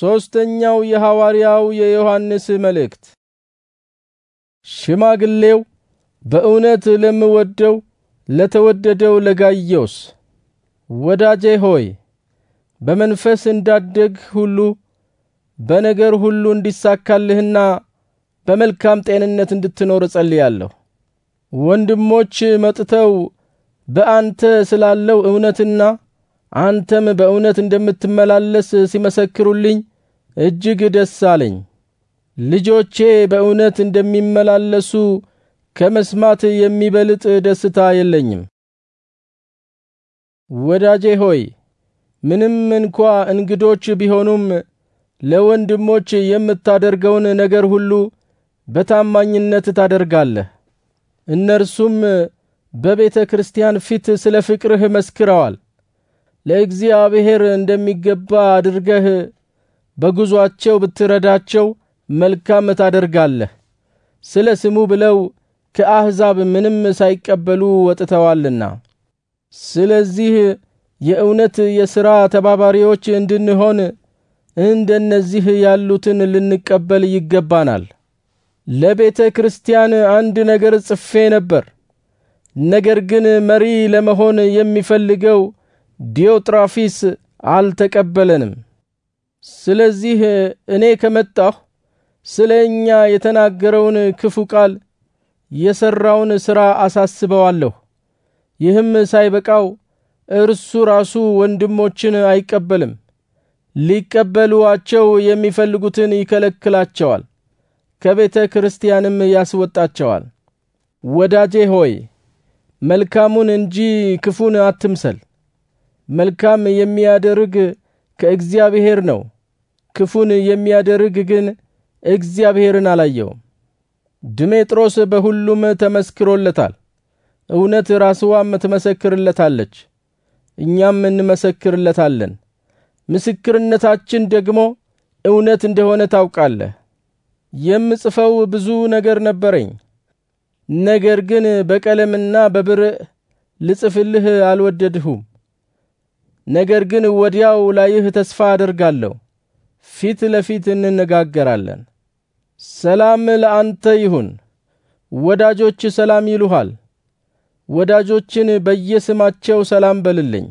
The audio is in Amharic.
ሦስተኛው የሐዋርያው የዮሐንስ መልእክት። ሽማግሌው በእውነት ለምወደው ለተወደደው ለጋየውስ ወዳጄ ሆይ በመንፈስ እንዳደግ ሁሉ በነገር ሁሉ እንዲሳካልህና በመልካም ጤንነት እንድትኖር እጸልያለሁ። ወንድሞች መጥተው በአንተ ስላለው እውነትና አንተም በእውነት እንደምትመላለስ ሲመሰክሩልኝ እጅግ ደስ አለኝ። ልጆቼ በእውነት እንደሚመላለሱ ከመስማት የሚበልጥ ደስታ የለኝም። ወዳጄ ሆይ ምንም እንኳ እንግዶች ቢሆኑም ለወንድሞች የምታደርገውን ነገር ሁሉ በታማኝነት ታደርጋለህ። እነርሱም በቤተ ክርስቲያን ፊት ስለ ፍቅርህ መስክረዋል። ለእግዚአብሔር እንደሚገባ አድርገህ በጉዞአቸው ብትረዳቸው መልካም ታደርጋለህ። ስለ ስሙ ብለው ከአሕዛብ ምንም ሳይቀበሉ ወጥተዋልና፣ ስለዚህ የእውነት የሥራ ተባባሪዎች እንድንሆን እንደነዚህ ያሉትን ልንቀበል ይገባናል። ለቤተ ክርስቲያን አንድ ነገር ጽፌ ነበር። ነገር ግን መሪ ለመሆን የሚፈልገው ዲዮጥራፊስ አልተቀበለንም። ስለዚህ እኔ ከመጣሁ ስለ እኛ የተናገረውን ክፉ ቃል የሰራውን ሥራ አሳስበዋለሁ። ይህም ሳይበቃው እርሱ ራሱ ወንድሞችን አይቀበልም፣ ሊቀበሉአቸው የሚፈልጉትን ይከለክላቸዋል፣ ከቤተ ክርስቲያንም ያስወጣቸዋል። ወዳጄ ሆይ መልካሙን እንጂ ክፉን አትምሰል። መልካም የሚያደርግ ከእግዚአብሔር ነው። ክፉን የሚያደርግ ግን እግዚአብሔርን አላየውም። ድሜጥሮስ በሁሉም ተመስክሮለታል፣ እውነት ራስዋም ትመሰክርለታለች፣ እኛም እንመሰክርለታለን። ምስክርነታችን ደግሞ እውነት እንደሆነ ታውቃለህ። የምጽፈው ብዙ ነገር ነበረኝ፣ ነገር ግን በቀለምና በብር ልጽፍልህ አልወደድሁም። ነገር ግን ወዲያው ላይህ ተስፋ አደርጋለሁ። ፊት ለፊት እንነጋገራለን። ሰላም ለአንተ ይሁን። ወዳጆች ሰላም ይሉሃል። ወዳጆችን በየስማቸው ሰላም በልልኝ።